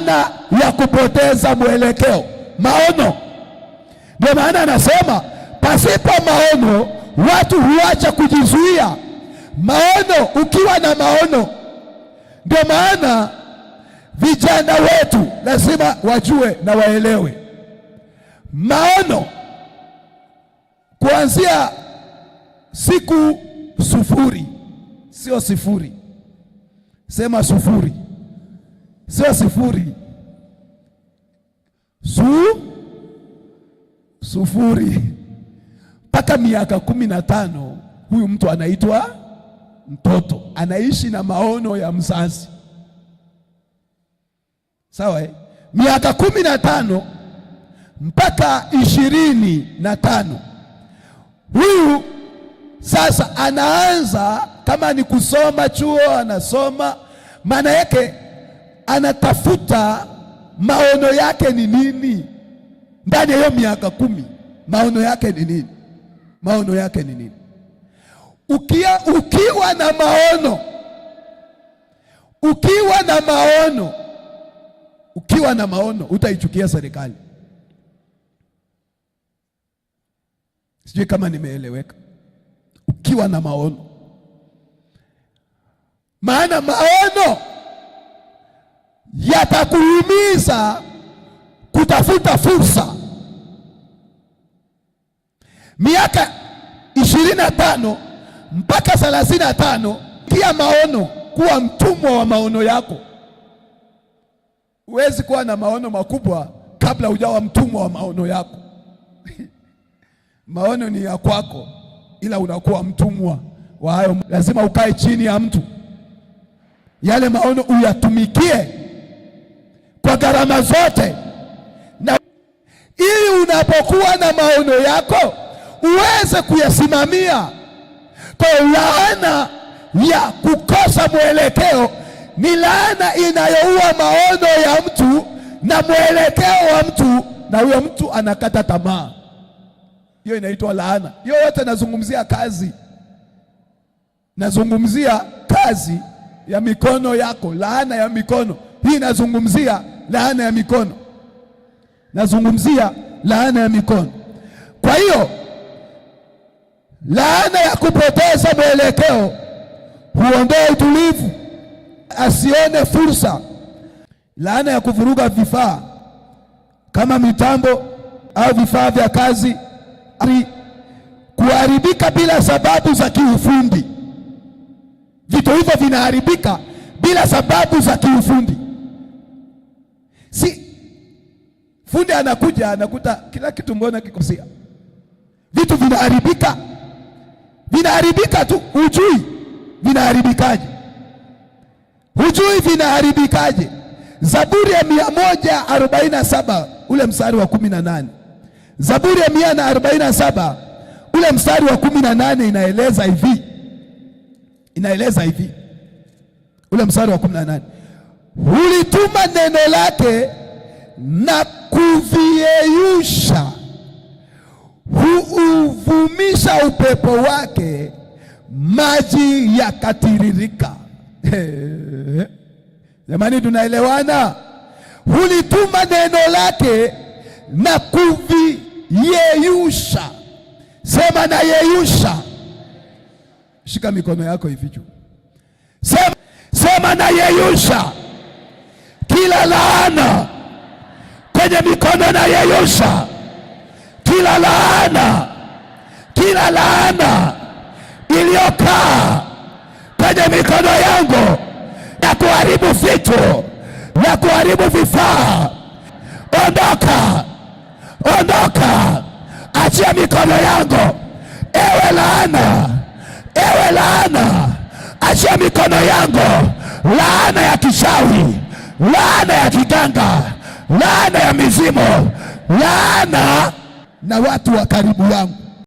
maana ya kupoteza mwelekeo, maono. Ndio maana anasema pasipo maono watu huacha kujizuia. Maono, ukiwa na maono, ndio maana vijana wetu lazima wajue na waelewe maono kuanzia siku sufuri, sio sifuri, sema sufuri sio sifuri su sufuri mpaka miaka kumi na tano huyu mtu anaitwa mtoto, anaishi na maono ya mzazi. Sawa, eh? miaka kumi na tano mpaka ishirini na tano huyu sasa anaanza, kama ni kusoma chuo anasoma, maana yake anatafuta maono yake ni nini ndani ya hiyo miaka kumi. Maono yake ni nini? Maono yake ni nini? Ukia, ukiwa na maono ukiwa na maono ukiwa na maono utaichukia serikali. Sijui kama nimeeleweka. Ukiwa na maono, maana maono yatakuhimiza kutafuta fursa. Miaka ishirini na tano mpaka thelathini na tano maono, kuwa mtumwa wa maono yako. Huwezi kuwa na maono makubwa kabla hujawa mtumwa wa maono yako. Maono ni ya kwako, ila unakuwa mtumwa wa hayo. Lazima ukae chini ya mtu, yale maono uyatumikie kwa gharama zote, na ili unapokuwa na maono yako uweze kuyasimamia. Kwa laana ya kukosa mwelekeo ni laana inayoua maono ya mtu na mwelekeo wa mtu, na huyo mtu anakata tamaa. Hiyo inaitwa laana. Hiyo yote nazungumzia kazi, nazungumzia kazi ya mikono yako, laana ya mikono hii inazungumzia laana ya mikono, nazungumzia laana ya mikono. Kwa hiyo laana ya kupoteza mwelekeo huondoa utulivu, asione fursa. Laana ya kuvuruga vifaa kama mitambo au vifaa vya kazi, kuharibika bila sababu za kiufundi. Vitu hivyo vinaharibika bila sababu za kiufundi. Si fundi anakuja anakuta kila kitu, mbona kikosia? Vitu vinaharibika, vinaharibika tu, hujui vinaharibikaje, hujui vinaharibikaje. Zaburi ya mia moja arobaini na saba ule mstari wa kumi na nane Zaburi ya mia na arobaini na saba ule mstari wa kumi na nane inaeleza hivi, inaeleza hivi, ule mstari wa kumi na nane hulituma neno lake na kuviyeyusha, huuvumisha upepo wake, maji yakatiririka. Jamani, tunaelewana? Hulituma neno lake na kuviyeyusha. Sema na yeyusha. Shika mikono yako hivi juu, sema, sema na yeyusha kila laana kwenye mikono na yeyusha, kila laana, kila laana iliyokaa kwenye mikono yangu na kuharibu vitu na kuharibu vifaa, ondoka, ondoka, achia mikono yangu, ewe laana, ewe laana, achia mikono yangu, laana ya kishawi laana ya kiganga, laana ya mizimo laana na watu wa karibu yangu.